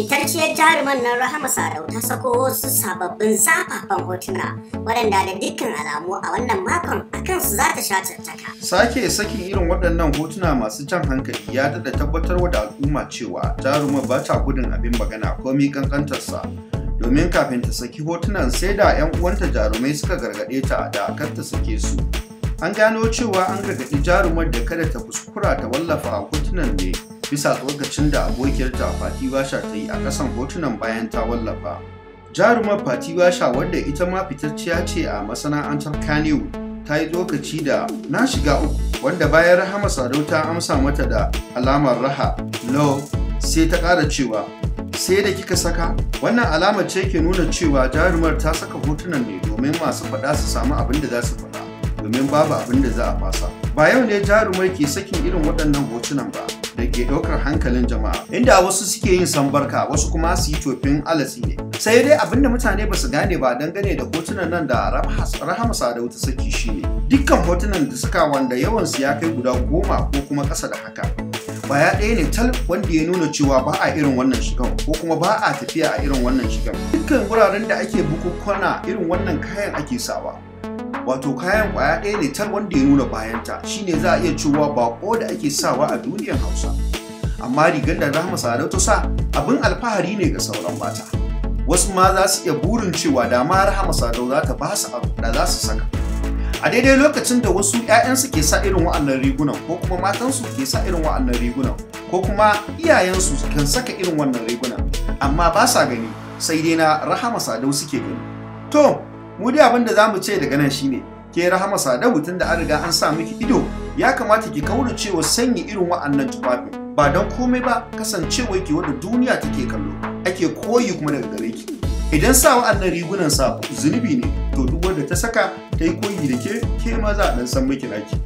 Fitarciyar jaruman nan Rahama Sadau ta sako wasu sababbin zafafan hotuna waɗanda da dukkan alamu a wannan makon a kansu za ta sha tattaka. Sake sakin irin waɗannan hotuna masu jan hankali ya daɗa tabbatar wa da al'umma cewa jaruma ba ta gudun abin magana komi kankantarsa. Domin kafin ta saki hotunan sai da 'yan uwanta jarumai suka gargaɗe ta da kar ta sake su. An gano cewa an gargaɗi jarumar da kada ta kuskura ta wallafa hotunan ne bisa tsokacin da abokiyarta Fati Basha ta yi a ƙasan hotunan bayan ta wallafa. Jarumar Fati Basha wadda ita ma fitacciya ce a masana'antar Kano, ta yi lokaci da na shiga uku wanda bayan Rahama Sadau ta amsa mata da alamar raha low sai ta ƙara cewa sai da kika saka wannan alamar ce ke nuna cewa jarumar ta saka hotunan ne domin masu faɗa su samu abin da za su faɗa domin babu abin da za a fasa ba yau ne jarumar ke sakin irin waɗannan hotunan ba da ke ɗaukar hankalin jama'a inda wasu suke yin sambarka wasu kuma su yi tofin alasi ne sai dai abinda mutane ba su gane ba dangane da hotunan nan da rahama sadau ta saki shine dukkan hotunan da suka wanda yawan su ya kai guda goma ko kuma ƙasa da haka baya ɗaya ne tal wanda ya nuna cewa ba a irin wannan shigan ko kuma ba a tafiya a irin wannan shigan dukkan wuraren da ake bukukuna irin wannan kayan ake sawa wato kayan kwaya ɗaya ne tar wanda ya nuna bayanta shine za a iya cewa ko da ake sawa a duniyar hausa amma rigar da rahama sadau ta sa abin alfahari ne ga sauran mata wasu ma za su iya burin cewa da ma rahama sadau za ta ba su abu da za su saka a daidai lokacin da wasu 'ya'yansu ke sa irin wa'annan rigunan ko kuma matansu ke sa irin wa'annan rigunan ko kuma iyayensu kan saka irin wannan rigunan amma ba sa gani sai dai na rahama sadau suke gani to mu dai abin da zamu ce daga nan shine ke rahama sadau tun da an riga an sa miki ido ya kamata ki kaura cewa sanya irin wa'annan tufafi, ba don komai ba kasancewa ke wanda duniya take kallo ake koyi kuma daga gare ki idan sa wa'annan rigunan sa zunubi ne to duk wanda ta saka ta yi koyi da ke ke ma za a dan san miki naki